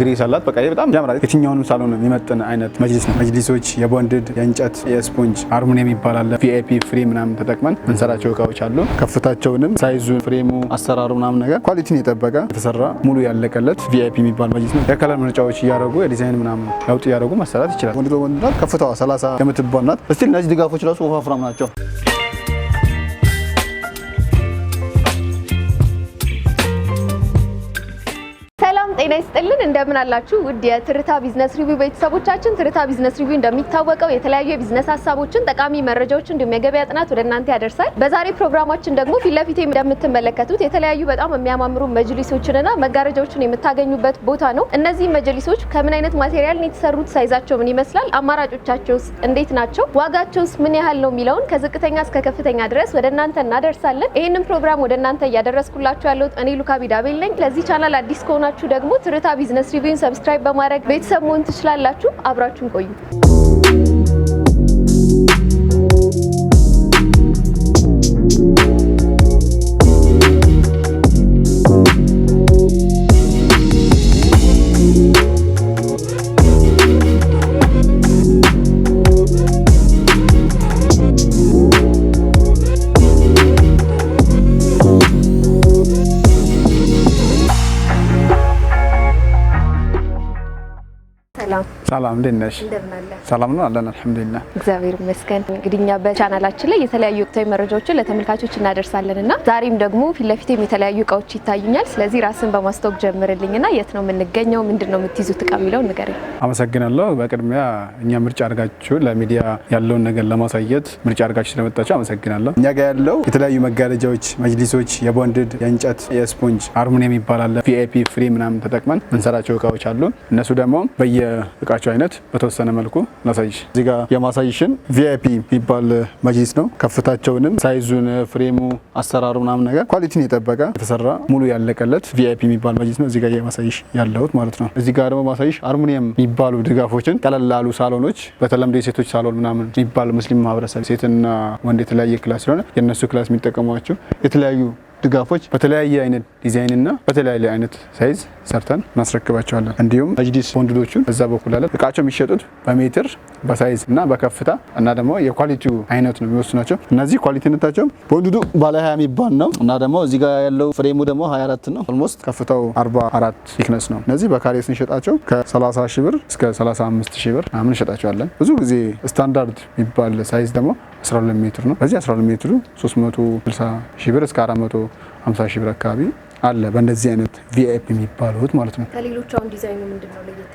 ግሪስ አላት። በቃ ይሄ በጣም ያምራል። የትኛውንም ሳሎን የሚመጥን አይነት መጅሊስ ነው። መጅሊሶች የቦንድድ የእንጨት የስፖንጅ አርሙኒየም ይባላል። ቪአይፒ ፍሬም ምናምን ተጠቅመን ምንሰራቸው እቃዎች አሉ። ከፍታቸውንም ሳይዙ፣ ፍሬሙ፣ አሰራሩ ምናምን ነገር ኳሊቲን የጠበቀ የተሰራ ሙሉ ያለቀለት ቪአይፒ የሚባል መጅሊስ ነው። የከለር ምርጫዎች እያደረጉ የዲዛይን ምናምን ለውጥ እያደረጉ መሰራት ይችላል። ወንድ በወንድ ከፍታዋ 30 የምትባል ናት። እስቲል እነዚህ ድጋፎች ራሱ ወፋፍራም ናቸው። ጤና ይስጥልን እንደምን አላችሁ? ውድ የትርታ ቢዝነስ ሪቪው ቤተሰቦቻችን፣ ትርታ ቢዝነስ ሪቪው እንደሚታወቀው የተለያዩ የቢዝነስ ሀሳቦችን፣ ጠቃሚ መረጃዎችን እንዲሁም የገበያ ጥናት ወደ እናንተ ያደርሳል። በዛሬ ፕሮግራማችን ደግሞ ፊት ለፊት እንደምትመለከቱት የተለያዩ በጣም የሚያማምሩ መጅሊሶችንና መጋረጃዎችን የምታገኙበት ቦታ ነው። እነዚህ መጅሊሶች ከምን አይነት ማቴሪያል ነው የተሰሩት? ሳይዛቸው ምን ይመስላል? አማራጮቻቸውስ እንዴት ናቸው? ዋጋቸውስ ምን ያህል ነው የሚለውን ከዝቅተኛ እስከ ከፍተኛ ድረስ ወደ እናንተ እናደርሳለን። ይህንን ፕሮግራም ወደ እናንተ እያደረስኩላችሁ ያለሁት እኔ ሉካ ቢዳቤል ነኝ። ለዚህ ቻናል አዲስ ከሆናችሁ ደግሞ ትርታ ቢዝነስ ሪቪውን ሰብስክራይብ በማድረግ ቤተሰብ መሆን ትችላላችሁ። አብራችሁን ቆዩ። ሰላም እንዴት ነሽ? ሰላም ነው አለን። አልሐምዱሊላህ እግዚአብሔር ይመስገን። እንግዲህ እኛ በቻናላችን ላይ የተለያዩ ወቅታዊ መረጃዎችን ለተመልካቾች እናደርሳለን እና ዛሬም ደግሞ ፊት ለፊቴም የተለያዩ እቃዎች ይታዩኛል። ስለዚህ ራስን በማስታወቅ ጀምርልኝ የት ነው የምንገኘው፣ ምንድን ነው የምትይዙት እቃ የሚለው ንገረኝ። አመሰግናለሁ። በቅድሚያ እኛ ምርጫ አድርጋችሁ ለሚዲያ ያለውን ነገር ለማሳየት ምርጫ አድርጋችሁ ስለመጣችሁ አመሰግናለሁ። እኛ ጋር ያለው የተለያዩ መጋረጃዎች፣ መጅሊሶች፣ የቦንድድ፣ የእንጨት፣ የስፖንጅ አርሙኒየም ይባላል ቪአይፒ ፍሪ ምናምን ተጠቅመን ምንሰራቸው እቃዎች አሉ። እነሱ ደግሞ በየ የምናውቃቸው አይነት በተወሰነ መልኩ ላሳይሽ። እዚህ ጋር የማሳይሽን ቪአይፒ የሚባል መጅሊስ ነው። ከፍታቸውንም ሳይዙን፣ ፍሬሙ፣ አሰራሩ ምናምን ነገር ኳሊቲን የጠበቀ የተሰራ ሙሉ ያለቀለት ቪአይፒ የሚባል መጅሊስ ነው። እዚህ ጋር የማሳይሽ ያለሁት ማለት ነው። እዚህ ጋር ደግሞ ማሳይሽ አርሙኒየም የሚባሉ ድጋፎችን ቀለል ላሉ ሳሎኖች በተለምዶ የሴቶች ሳሎን ምናምን የሚባል ሙስሊም ማህበረሰብ ሴትና ወንድ የተለያየ ክላስ ስለሆነ የእነሱ ክላስ የሚጠቀሟቸው የተለያዩ ድጋፎች በተለያየ አይነት ዲዛይን እና በተለያየ አይነት ሳይዝ ሰርተን እናስረክባቸዋለን። እንዲሁም አጅዲስ ቦንድዶቹን በዛ በኩል አለ። እቃቸው የሚሸጡት በሜትር በሳይዝ እና በከፍታ እና ደግሞ የኳሊቲው አይነት ነው ናቸው። እነዚህ ኳሊቲነታቸው ቦንድዱ ባለ ሀያ የሚባል ነው እና ደግሞ እዚህ ጋር ያለው ፍሬሙ ደግሞ 24 ነው። ኦልሞስት ከፍታው 44 ቲክነስ ነው። እነዚህ በካሬ ስንሸጣቸው ከ30 ሺ ብር እስከ 35 ሺ ብር ምናምን እንሸጣቸዋለን። ብዙ ጊዜ ስታንዳርድ የሚባል ሳይዝ ደግሞ 12 ሜትር ነው። በዚህ 12 ሜትሩ 360 ብር እስከ 400 50 ሺህ ብር አካባቢ አለ በእንደዚህ አይነት ቪአይፒ የሚባሉት ማለት ነው። ከሌሎቹ አሁን ዲዛይኑ ምንድን ነው ለየት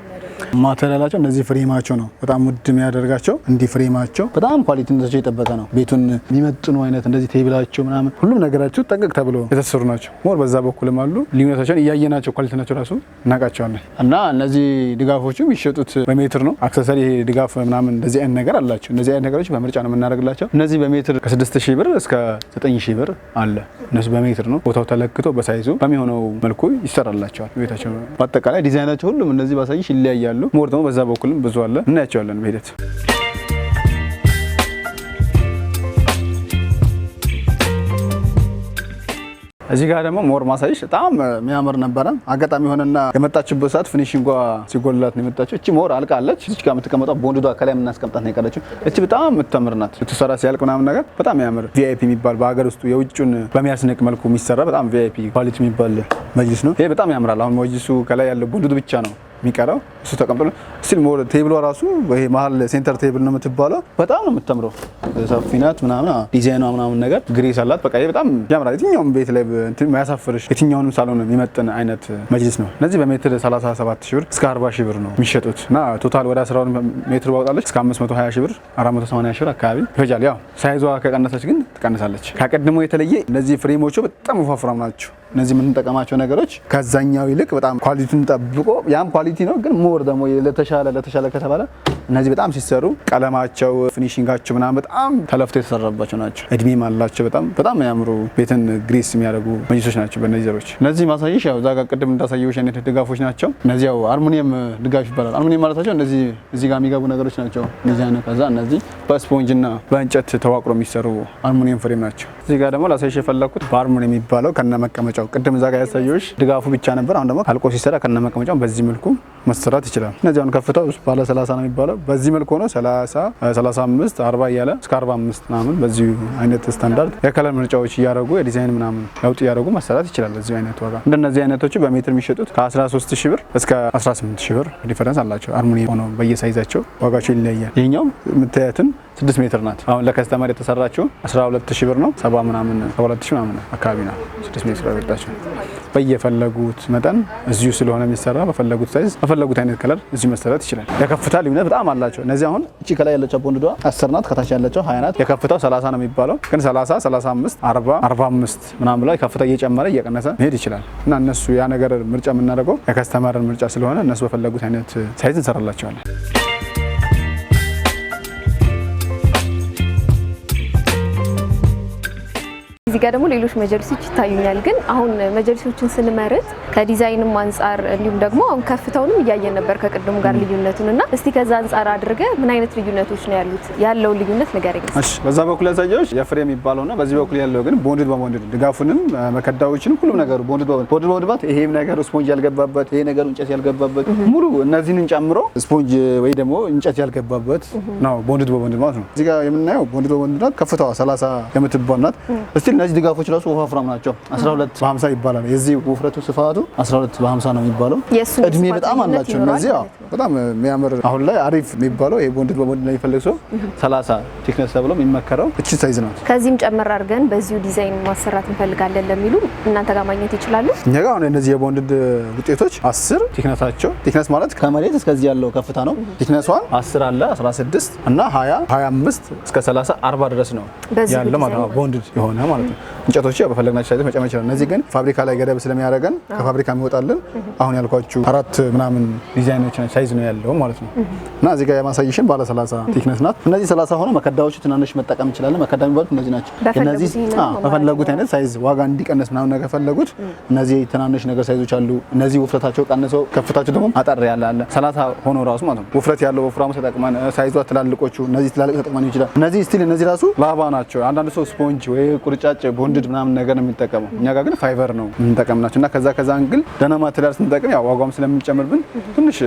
ማተላላቸው እነዚህ ፍሬማቸው ነው በጣም ውድ የሚያደርጋቸው። እንዲህ ፍሬማቸው በጣም ኳሊቲነታቸው የጠበቀ ነው። ቤቱን የሚመጥኑ አይነት እንደዚህ ቴብላቸው ምናምን ሁሉም ነገራቸው ጠንቀቅ ተብሎ የተሰሩ ናቸው። ሞር በዛ በኩልም አሉ ልዩነታቸውን እያየናቸው ኳሊቲናቸው ራሱ እናውቃቸዋለን። እና እነዚህ ድጋፎችም ይሸጡት በሜትር ነው። አክሰሰሪ ድጋፍ ምናምን እንደዚህ አይነት ነገር አላቸው። እነዚህ አይነት ነገሮች በምርጫ ነው የምናደርግላቸው። እነዚህ በሜትር ከስድስት ሺህ ብር እስከ ዘጠኝ ሺህ ብር አለ። እነሱ በሜትር ነው ቦታው ተለክቶ በሳይዙ በሚሆነው መልኩ ይሰራላቸዋል ቤታቸው። በአጠቃላይ ዲዛይናቸው ሁሉም እነዚህ ባሳይሽ ይለያ ይለያያሉ። ሞር ደግሞ በዛ በኩልም ብዙ አለ፣ እናያቸዋለን በሂደት እዚህ ጋር ደግሞ ሞር ማሳይሽ በጣም የሚያምር ነበረ። አጋጣሚ የሆነና የመጣችበት ሰዓት ፊኒሽንጓ ሲጎላት ነው የመጣችው። እቺ ሞር አልቃለች። እዚች ጋር የምትቀመጠው ቦንድዷ ከላይ የምናስቀምጣት ነው የቀረችው። እቺ በጣም የምታምር ናት። ብትሰራ ሲያልቅ ምናምን ነገር በጣም የሚያምር ቪአይፒ የሚባል በሀገር ውስጡ የውጭን በሚያስነቅ መልኩ የሚሰራ በጣም ቪአይፒ ኳሊቲ የሚባል መጅልስ ነው ይሄ። በጣም ያምራል። አሁን መጅልሱ ከላይ ያለው ቦንድዱ ብቻ ነው የሚቀረው እሱ ተቀምጦ ስል ሞር ቴብሏ ራሱ ይሄ መሀል ሴንተር ቴብል ነው የምትባለው። በጣም ነው የምታምረው። ሰፊ ናት ምናምን ዲዛይኗ ምናምን ነገር ግሬስ አላት። በቃ በጣም ያምራል። የትኛውም ቤት ላይ ማያሳፍርሽ፣ የትኛውንም ሳሎን የሚመጥን አይነት መጅሊስ ነው። እነዚህ በሜትር 37 ሺህ ብር እስከ 40 ሺ ብር ነው የሚሸጡት እና ቶታል ወደ 11 ሜትር ባወጣለች እስከ 520 ሺ ብር 480 ሺህ ብር አካባቢ ይፈጃል። ያው ሳይዟ ከቀነሰች ግን ትቀንሳለች። ከቀድሞ የተለየ እነዚህ ፍሬሞቹ በጣም ወፋፍራም ናቸው። እነዚህ የምንጠቀማቸው ነገሮች ከዛኛው ይልቅ በጣም ኳሊቲን ጠብቆ ያም ኳሊቲ ነው፣ ግን ሞር ደግሞ ለተሻለ ለተሻለ ከተባለ እነዚህ በጣም ሲሰሩ ቀለማቸው፣ ፊኒሽንጋቸው ምናምን በጣም ተለፍቶ የተሰራባቸው ናቸው። እድሜም አላቸው። በጣም በጣም የሚያምሩ ቤትን ግሬስ የሚያደርጉ መጅሶች ናቸው። በእነዚህ ዘሮች እነዚህ ማሳየሽ ያው እዛ ጋር ቅድም እንዳሳየሽ አይነት ድጋፎች ናቸው። እነዚህ ያው አርሙኒየም ድጋፍ ይባላል። አርሙኒየም ማለታቸው እነዚህ እዚህ ጋር የሚገቡ ነገሮች ናቸው። ዲዛይኑ ከዛ እነዚህ በስፖንጅና በእንጨት ተዋቅሮ የሚሰሩ አርሙኒየም ፍሬም ናቸው። እዚህ ጋር ደግሞ ላሳይሽ የፈለኩት ባርሙን የሚባለው ከነ መቀመጫው ቅድም እዛ ጋር ያሳየሁሽ ድጋፉ ብቻ ነበር። አሁን ደግሞ ካልቆ ሲሰራ ከነ መቀመጫው በዚህ መልኩ መሰራት ይችላል። እነዚህ አሁን ከፍታው ባለ 30 ነው የሚባለው። በዚህ መልክ ሆኖ 30፣ 35፣ 40 እያለ እስከ 45 ምናምን በዚህ አይነት ስታንዳርድ የከለር ምርጫዎች እያደረጉ የዲዛይን ምናምን ለውጥ እያደረጉ መሰራት ይችላል። በዚህ አይነት ዋጋ እንደነዚህ አይነቶች በሜትር የሚሸጡት ከ13 ሺ ብር እስከ 18 ሺ ብር ዲፈረንስ አላቸው። አርሙኒ ሆነ በየሳይዛቸው ዋጋቸው ይለያል። ይህኛውም የምታያትን 6 ሜትር ናት። አሁን ለከስተመር የተሰራችው 12 ሺ ብር ነው። ሰባ ምናምን 72 ሺ ምናምን አካባቢ ነው 6 ሜትር ያወጣቸው በየፈለጉት መጠን እዚሁ ስለሆነ የሚሰራ በፈለጉት ሳይዝ በፈለጉት አይነት ከለር እዚሁ መሰራት ይችላል። የከፍታ ልዩነት በጣም አላቸው። እነዚህ አሁን እቺ ከላይ ያለቸው ቦንድዷ አስር ናት፣ ከታች ያለቸው ሀያ ናት። የከፍታው ሰላሳ ነው የሚባለው ግን ሰላሳ ሰላሳ አምስት አርባ አርባ አምስት ምናምን ብላ የከፍታ እየጨመረ እየቀነሰ መሄድ ይችላል እና እነሱ ያ ነገር ምርጫ የምናደርገው የከስተመርን ምርጫ ስለሆነ እነሱ በፈለጉት አይነት ሳይዝ እንሰራላቸዋለን። እዚህ ጋር ደግሞ ሌሎች መጀልሶች ይታዩኛል። ግን አሁን መጀልሶችን ስንመርጥ ከዲዛይንም አንጻር እንዲሁም ደግሞ አሁን ከፍተውንም እያየን ነበር ከቅድሙ ጋር ልዩነቱን እና እስቲ ከዛ አንጻር አድርገ ምን አይነት ልዩነቶች ነው ያሉት? ያለውን ልዩነት ንገረኝ። እሺ፣ በዛ በኩል ያሳየሁሽ የፍሬም የፍሬ የሚባለውና በዚህ በኩል ያለው ግን ቦንድድ በቦንድድ ድጋፉንም መከዳዎችንም ሁሉም ነገሩ ቦንድድ በቦንድድ ቦንድድ ቦንድድ ይሄም ነገር ስፖንጅ ያልገባበት ይሄ ነገር እንጨት ያልገባበት ሙሉ እነዚህን ጨምሮ ስፖንጅ ወይ ደግሞ እንጨት ያልገባበት ነው ቦንድድ በቦንድድ ማለት ነው። እዚህ ጋር የምናየው ቦንድድ በቦንድድ ናት። ከፍተዋ 30 የምትባል ናት ስቲል እነዚህ ድጋፎች ራሱ ወፋፍራም ናቸው። 12 በ50 ይባላል። የዚህ ውፍረቱ ስፋቱ 12 በ50 ነው የሚባለው። እድሜ በጣም አላቸው እነዚህ። በጣም የሚያምር አሁን ላይ አሪፍ የሚባለው ይሄ ቦንድድ በቦንድ ላይ የሚፈልግ ሰው 30 ቲክነስ ተብሎ የሚመከረው እቺ ሳይዝ ናት። ከዚህም ጨመር አድርገን በዚሁ ዲዛይን ማሰራት እንፈልጋለን ለሚሉ እናንተ ጋር ማግኘት ይችላሉ። እኛ ጋር አሁን እነዚህ የቦንድድ ውጤቶች 10 ቲክነሳቸው ቲክነስ ማለት ከመሬት እስከዚህ ያለው ከፍታ ነው። ቲክነሷን 10 አለ 16 እና 20 25 እስከ 30 40 ድረስ ነው ያለው ማለት ነው ቦንድድ የሆነ ማለት ነው። እንጨቶች ያው በፈለግናቸው ሳይዝ መጨመር ይችላል። እነዚህ ግን ፋብሪካ ላይ ገደብ ስለሚያደርገን ከፋብሪካ የሚወጣልን አሁን ያልኳችሁ አራት ምናምን ዲዛይኖች ሳይዝ ነው ያለው ማለት ነው። እና እዚህ ጋር የማሳይሽን ባለ 30 ቲክነስ ናት። እነዚህ 30 ሆነው መከዳዎቹ ትናንሽ መጠቀም እንችላለን። መከዳ የሚባሉት እነዚህ ናቸው። እነዚህ በፈለጉት አይነት ሳይዝ ዋጋ እንዲቀነስ ምናምን ነገር ፈለጉት። እነዚህ ትናንሽ ነገር ሳይዞች አሉ። እነዚህ ውፍረታቸው ቀንሰው ከፍታቸው ደግሞ አጠር ያለ አለ 30 ሆኖ ራሱ ማለት ነው። ውፍረት ያለው ወፍራሙ ተጠቅመን ሳይዟ ትላልቆቹ እነዚህ ትላልቅ ተጠቅመን ይችላል። እነዚህ ስቲል እነዚህ ራሱ ላባ ናቸው። አንዳንድ ሰው ስፖንጅ ወይ ቁርጫ ነጭ ቦንድድ ምናምን ነገር ነው የሚጠቀመው። እኛ ጋር ግን ፋይቨር ነው የምንጠቀምናቸው እና ከዛ ከዛ እንግል ደህና ትዳር ስንጠቅም ያው ዋጋውም ስለምንጨምርብን ትንሽ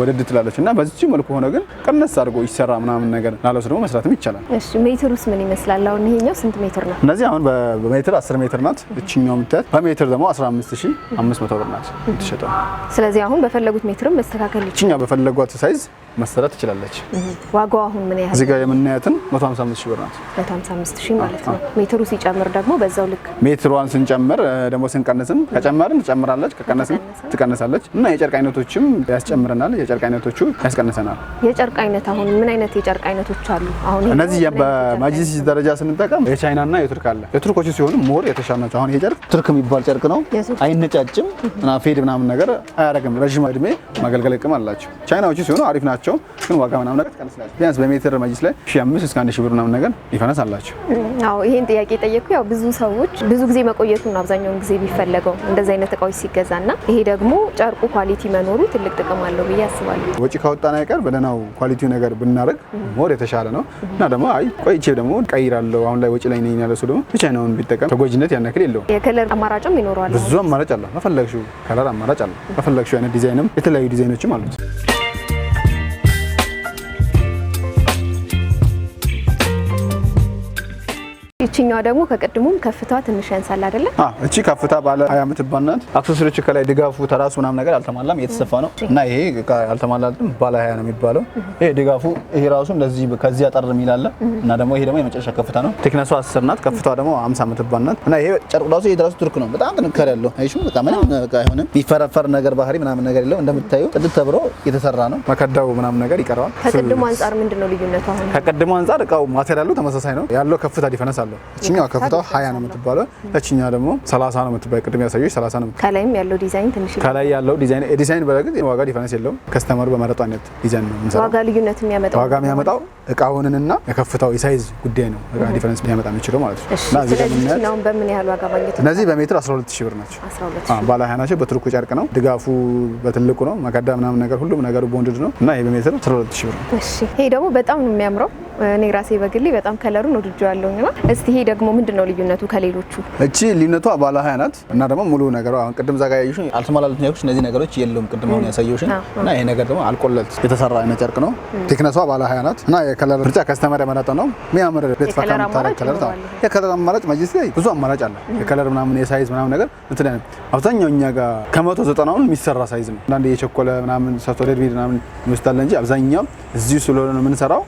ወደድ ትላለች እና በዚሁ መልኩ ሆነ ግን ቀነስ አድርጎ ይሰራ ምናምን ነገር ላለሱ ደግሞ መስራትም ይቻላል። እሺ ሜትር ውስጥ ምን ይመስላል? አሁን ይሄኛው ስንት ሜትር ነው? እነዚህ አሁን በሜትር 10 ሜትር ናት። እችኛው የምታያት በሜትር ደግሞ 15500 ብር ናት የምትሸጠው። ስለዚህ አሁን በፈለጉት ሜትርም መስተካከል ይችላል። እችኛው በፈለጓት ሳይዝ መሰራት ትችላለች። ዋጋው አሁን ምን ያህል? እዚህ ጋር የምናያትን 155 ሺህ ብር ናት። 155 ሺህ ማለት ነው። ሜትሩ ሲጨምር ደግሞ በዛው ልክ ሜትሯን ስንጨምር ደግሞ ስንቀንስም ከጨመርን ትጨምራለች፣ ከቀነስን ትቀንሳለች እና የጨርቅ አይነቶችም ያስጨምረናል፣ የጨርቅ አይነቶቹ ያስቀንሰናል። የጨርቅ አይነት አሁን ምን አይነት የጨርቅ አይነቶች አሉ? አሁን እነዚህ በማጅሊስ ደረጃ ስንጠቀም የቻይና እና የቱርክ አለ። የቱርኮቹ ሲሆኑ ሞር የተሻለ ናቸው። አሁን ይሄ ጨርቅ ቱርክ የሚባል ጨርቅ ነው። አይነጫጭም እና ፌድ ምናምን ነገር አያደርግም። ረዥም እድሜ ማገልገል ቅም አላቸው። ቻይናዎቹ ሲሆኑ አሪፍ ናቸው፣ ግን ዋጋ ምናምን ነገር ትቀንስላቸው። ቢያንስ በሜትር ማጅሊስ ላይ ሺህ አምስት እስከ አንድ ብር ምናምን ነገር ዲፈረንስ አላቸው። ይህን ጥያቄ ጠየቅኩ ያው ብዙ ሰዎች ብዙ ጊዜ መቆየቱ ነው አብዛኛውን ጊዜ የሚፈለገው እንደዚህ አይነት እቃዎች ሲገዛ ና ይሄ ደግሞ ጨርቁ ኳሊቲ መኖሩ ትልቅ ጥቅም አለው ብዬ አስባለሁ። ወጪ ካወጣን አይቀር በደህናው ኳሊቲ ነገር ብናደርግ ሞር የተሻለ ነው እና ደግሞ አይ ቆይቼ ደግሞ ቀይራለሁ አሁን ላይ ወጪ ላይ ነኝ ያለ ሰው ደግሞ ብቻ ነውን ቢጠቀም ተጎጂነት ያን ያክል የለውም። የከለር አማራጭም ይኖረዋል። ብዙ አማራጭ አለ። መፈለግሽው ከለር አማራጭ አለ። መፈለግሽው አይነት ዲዛይንም የተለያዩ ዲዛይኖችም አሉት። እችኛዋ ደግሞ ከቅድሙም ከፍታ ትንሽ ያንሳል አይደለ? እቺ ከፍታ ባለ ሀያ የምትባል ናት። አክሰሰሪዎች ከላይ ድጋፉ ተራሱ ምናምን ነገር አልተሟላም፣ እየተሰፋ ነው እና ይሄ አልተሟላልም። ባለ ሀያ ነው የሚባለው። ይሄ ድጋፉ ይሄ ራሱ እንደዚህ ከዚህ አጠር የሚላለ እና ደግሞ ይሄ ደግሞ የመጨረሻ ከፍታ ነው። ቴክነሷ አስር ናት፣ ከፍቷ ደግሞ አምሳ የምትባል ናት እና ይሄ ጨርቁ ራሱ ይሄ ራሱ ቱርክ ነው። በጣም ጥንካሬ ያለው አይሹ በቃ ምንም አይሆንም። የሚፈረፈር ነገር ባህሪ ምናምን ነገር የለው። እንደምታዩ ጥድት ተብሎ የተሰራ ነው። መከዳው ምናምን ነገር ይቀረዋል። ከቅድሙ አንጻር ምንድን ነው ልዩነቱ? አሁን ከቅድሙ አንጻር እቃው ማቴሪያሉ ተመሳሳይ ነው ያለው ከፍታ ዲፈረንስ አለው እችኛዋ ከፍታው ሀያ ነው የምትባለው፣ እችኛዋ ደግሞ ሰላሳ ነው የምትባለው። ቅድም ያሳየች ሰላሳ ነው። ከላይም ያለው ዲዛይን ትንሽ ከላይ ያለው ዲዛይን ዲዛይን በረግጥ ዋጋ ዲፈረንስ የለውም። ከስተመሩ በመረጡ አይነት ዲዛይን ነው የምንሰራው። ዋጋ ልዩነት የሚያመጣው ዋጋ የሚያመጣው እቃውንና የከፍታው የሳይዝ ጉዳይ ነው እቃ ዲፈረንስ ሊያመጣ የሚችለው ማለት ነው። እና እዚህ ላይ ምናምን በምን ያህል ዋጋ ማግኘት እነዚህ በሜትር 12 ሺህ ብር ናቸው። ባለ ሀያ ናቸው። በቱርኩ ጨርቅ ነው ድጋፉ በትልቁ ነው። መቀዳ ምናምን ነገር ሁሉም ነገሩ ቦንድድ ነው እና ይሄ በሜትር 12 ሺህ ብር ነው። እሺ ይሄ ደግሞ በጣም ነው የሚያምረው እኔ ራሴ በግሌ በጣም ከለሩን ወድጄዋለሁኝ። ነው እስቲ ይሄ ደግሞ ምንድን ነው ልዩነቱ ከሌሎቹ? እቺ ልዩነቱ ባለ ሀያ ናት እና ደግሞ ሙሉ ነገሯ አሁን ቅድም ዛጋ ያዩሽኝ አልተሟላሉት ነው። እነዚህ ነገሮች የለውም። ቅድም አሁን ያሳየሽኝ እና ይሄ ነገር ደግሞ አልቆለት የተሰራ አይነት ጨርቅ ነው። ቴክነሷ ባለ ሀያ ናት እና የከለር ምርጫ ከስተመር የመረጠ ነው የሚያምር ቤት ፋካ የምታረግ ከለር የከለር አማራጭ መጅሊስ ላይ ብዙ አማራጭ አለ። የከለር ምናምን የሳይዝ ምናምን ነገር እንትን አብዛኛው እኛ ጋር ከመቶ ዘጠናውን የሚሰራ ሳይዝ ነው። አንዳንድ የቸኮለ ምናምን ሰቶ ሬድሚድ ምናምን ይወስዳል እንጂ አብዛኛው እዚሁ ስለሆነ ነው የምንሰራው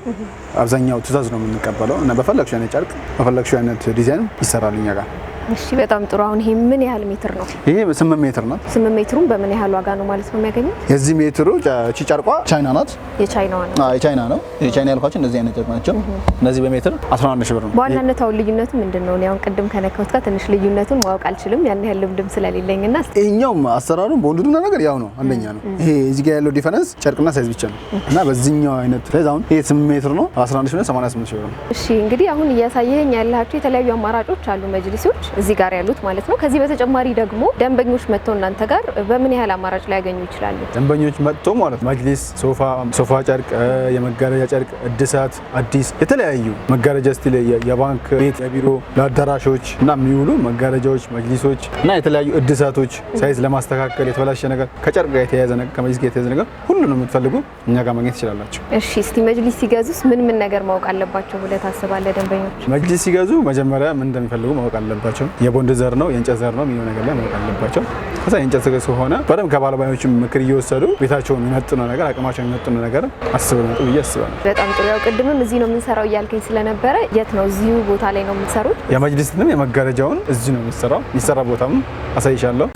በዛኛው ትእዛዝ ነው የምንቀበለው እና በፈለግሽው አይነት ጨርቅ በፈለግሽው አይነት ዲዛይን ይሰራል እኛ ጋር። እሺ በጣም ጥሩ። አሁን ይሄ ምን ያህል ሜትር ነው? ይሄ 8 ሜትር ነው። 8 ሜትሩን በምን ያህል ዋጋ ነው ማለት ነው የሚያገኘው? የዚህ ሜትሩ እቺ ጨርቋ ቻይና ናት። የቻይና ነው። አዎ የቻይና ነው። የቻይና ያልኳቸው እንደዚህ አይነት ጨርቅ ናቸው። እነዚህ በሜትር 11000 ብር ነው። በዋናነት አሁን ልዩነቱ ምንድን ነው? ያው ቅድም ከነካሁት ጋር ትንሽ ልዩነቱን ማወቅ አልችልም ያን ያህል ልምድም ስለሌለኝና ይሄኛውም አሰራሩ በወንዱና ነገር ያው ነው፣ አንደኛ ነው። ይሄ እዚህ ጋር ያለው ዲፈረንስ ጨርቅና ሳይዝ ብቻ ነው እና በዚህኛው አይነት ሳይዝ አሁን ይሄ 8 ሜትር ነው 11088 ብር ነው። እሺ እንግዲህ አሁን እያሳየኝ ያላችሁ የተለያዩ አማራጮች አሉ መጅሊሶች እዚህ ጋር ያሉት ማለት ነው። ከዚህ በተጨማሪ ደግሞ ደንበኞች መጥተው እናንተ ጋር በምን ያህል አማራጭ ሊያገኙ ይችላሉ? ደንበኞች መጥቶ ማለት መጅሊስ፣ ሶፋ፣ ሶፋ ጨርቅ፣ የመጋረጃ ጨርቅ፣ እድሳት፣ አዲስ የተለያዩ መጋረጃ ስቲል የባንክ ቤት፣ የቢሮ ለአዳራሾች እና የሚውሉ መጋረጃዎች፣ መጅሊሶች እና የተለያዩ እድሳቶች ሳይዝ ለማስተካከል የተበላሸ ነገር ከጨርቅ ጋር የተያያዘ ነገር ከመጅሊስ ጋር የተያያዘ ነገር ሁሉንም የምትፈልጉ እኛ ጋር ማግኘት ትችላላቸው። እሺ፣ እስቲ መጅሊስ ሲገዙስ ምን ምን ነገር ማወቅ አለባቸው ብለህ ታስባለህ? ደንበኞች መጅሊስ ሲገዙ መጀመሪያ ምን እንደሚፈልጉ ማወቅ አለባቸው። የቦንድ ዘር ነው የእንጨት ዘር ነው የሚለው ነገር ላይ ማወቅ አለባቸው። ከዛ የእንጨት ዘር ስለሆነ በደንብ ከባለሙያዎችም ምክር እየወሰዱ ቤታቸውን የሚመጥነው ነገር አቅማቸው የሚመጥነው ነገር አስበው ይመጡ ብዬ አስባለሁ። በጣም ጥሩ። ያው ቅድምም እዚህ ነው የምንሰራው እያልከኝ ስለነበረ የት ነው? እዚሁ ቦታ ላይ ነው የምትሰሩት? የመጅሊስንም የመጋረጃውን እዚሁ ነው የሚሰራው። የሚሰራ ቦታም አሳይሻለሁ።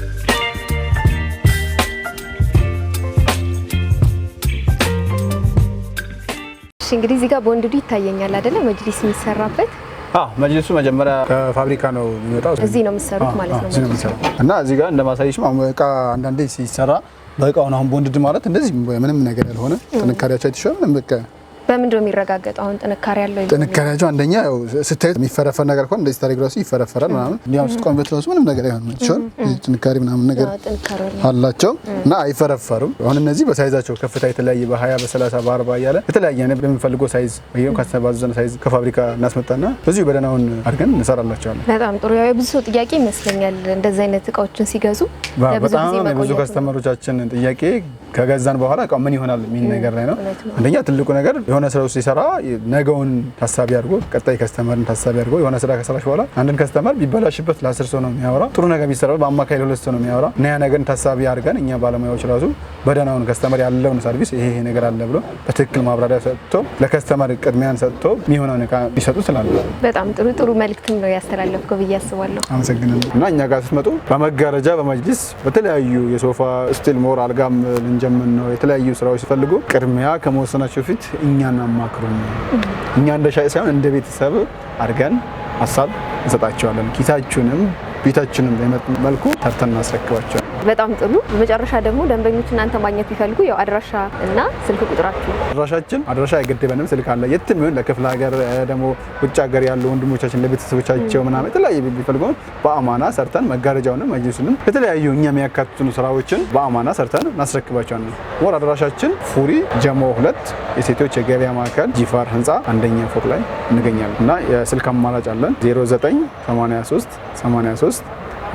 እንግዲህ እዚህ ጋር ቦንድዱ ይታየኛል አይደለ? መጅሊስ የሚሰራበት መጅልሱ መጀመሪያ ከፋብሪካ ነው የሚወጣው። እዚህ ነው የምትሰሩት ማለት ነው? እዚህ ነው የምንሰሩት እና እዚህ ጋር እንደማሳይሽ ማሳየሽም አሁን እቃ አንዳንዴ ሲሰራ በእቃውን አሁን ቦንድድ ማለት እንደዚህ ምንም ነገር ያልሆነ ጥንካሬያቸው አይተሻል ምንም በቃ በምንድን ነው የሚረጋገጠው? አሁን ጥንካሬ ያለው ጥንካሬያቸው አንደኛ ስታዩት የሚፈረፈር ነገር ከሆነ እንደዚህ ታሪክ ራሱ ይፈረፈራል ምናምን፣ እንዲያም ስትቆምበት ራሱ ምንም ነገር አይሆንም። ሲሆን ጥንካሬ ምናምን ነገር አላቸው እና አይፈረፈሩም። አሁን እነዚህ በሳይዛቸው ከፍታ የተለያየ በ20 በ30 በ40 እያለ የተለያየ ነ በምንፈልገው ሳይዝ ይሄው ካስተባዘነ ሳይዝ ከፋብሪካ እናስመጣና በዚሁ በደህናውን አድርገን እንሰራላቸዋለን። በጣም ጥሩ። ያው ብዙ ሰው ጥያቄ ይመስለኛል እንደዚህ አይነት እቃዎችን ሲገዙ በጣም የብዙ ከስተመሮቻችን ጥያቄ ከገዛን በኋላ እቃው ምን ይሆናል የሚል ነገር ላይ ነው። አንደኛ ትልቁ ነገር የሆነ ስራ ውስጥ ሲሰራ ነገውን ታሳቢ አድርጎ ቀጣይ ከስተመርን ታሳቢ አድርጎ የሆነ ስራ ከሰራሽ በኋላ አንድን ከስተመር ቢበላሽበት ለአስር ሰው ነው የሚያወራ። ጥሩ ነገር ቢሰራ በአማካይ ለሁለት ሰው ነው የሚያወራ እና ያ ነገርን ታሳቢ አድርገን እኛ ባለሙያዎች ራሱ በደህናውን ከስተመር ያለውን ሰርቪስ ይሄ ነገር አለ ብሎ በትክክል ማብራሪያ ሰጥቶ ለከስተመር ቅድሚያን ሰጥቶ የሚሆነውን እቃ ቢሰጡ ስላለ በጣም ጥሩ ጥሩ መልእክትም ነው ያስተላለፍከው ብዬ አስባለሁ። አመሰግናለሁ። እና እኛ ጋር ስትመጡ በመጋረጃ በመጅሊስ በተለያዩ የሶፋ ስቲል ሞር አልጋም ልንጀምር ነው የተለያዩ ስራዎች ሲፈልጉ ቅድሚያ ከመወሰናቸው ፊት እኛን አማክሩ። እኛ እንደ ሻይ ሳይሆን እንደ ቤተሰብ አድርገን ሀሳብ እንሰጣቸዋለን። ኪታችሁንም ቤታችንም በመልኩ ተርተን እናስረክባቸዋለን። በጣም ጥሩ። በመጨረሻ ደግሞ ደንበኞች እናንተ ማግኘት ቢፈልጉ ያው አድራሻ እና ስልክ ቁጥራችሁ። አድራሻችን አድራሻ አይገድበንም። ስልክ አለ የትም ይሁን ለክፍለ ሀገር ደግሞ ውጭ ሀገር ያሉ ወንድሞቻችን ለቤተሰቦቻቸው ምናምን የተለያየ ቢፈልጉ በአማና ሰርተን መጋረጃውንም መጅሱንም የተለያዩ እኛ የሚያካትቱን ስራዎችን በአማና ሰርተን እናስረክባቸዋለን። ወር አድራሻችን ፉሪ ጀሞ ሁለት የሴቶች የገበያ ማዕከል ጂፋር ህንፃ አንደኛ ፎቅ ላይ እንገኛለን እና የስልክ አማራጭ አለን 0983 83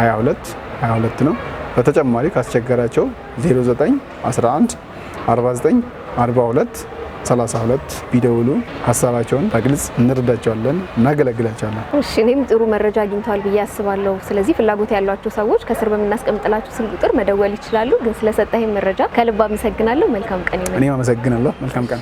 22 22 ነው። በተጨማሪ ካስቸገራቸው 09 11 49 42 32 ቢደውሉ ሀሳባቸውን በግልጽ እንረዳቸዋለን፣ እናገለግላቸዋለን። እሺ፣ እኔም ጥሩ መረጃ አግኝተዋል ብዬ አስባለሁ። ስለዚህ ፍላጎት ያሏቸው ሰዎች ከስር በምናስቀምጥላችሁ ስልክ ቁጥር መደወል ይችላሉ። ግን ስለሰጠኝ መረጃ ከልብ አመሰግናለሁ። መልካም ቀን። እኔም አመሰግናለሁ። መልካም ቀን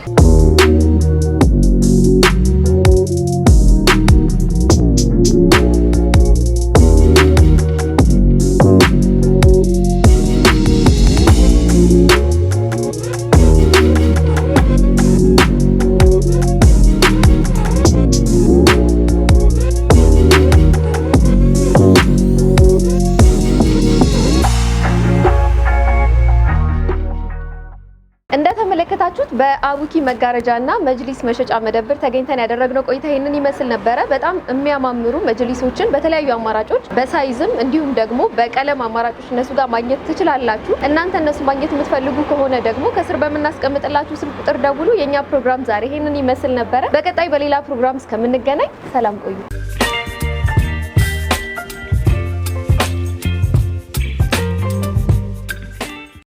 እንደተመለከታችሁት በአቡኪ መጋረጃና መጅሊስ መሸጫ መደብር ተገኝተን ያደረግነው ቆይታ ይህንን ይመስል ነበረ። በጣም የሚያማምሩ መጅሊሶችን በተለያዩ አማራጮች በሳይዝም እንዲሁም ደግሞ በቀለም አማራጮች እነሱ ጋር ማግኘት ትችላላችሁ። እናንተ እነሱ ማግኘት የምትፈልጉ ከሆነ ደግሞ ከስር በምናስቀምጥላችሁ ስልክ ቁጥር ደውሉ። የእኛ ፕሮግራም ዛሬ ይህንን ይመስል ነበረ። በቀጣይ በሌላ ፕሮግራም እስከምንገናኝ ሰላም ቆዩ።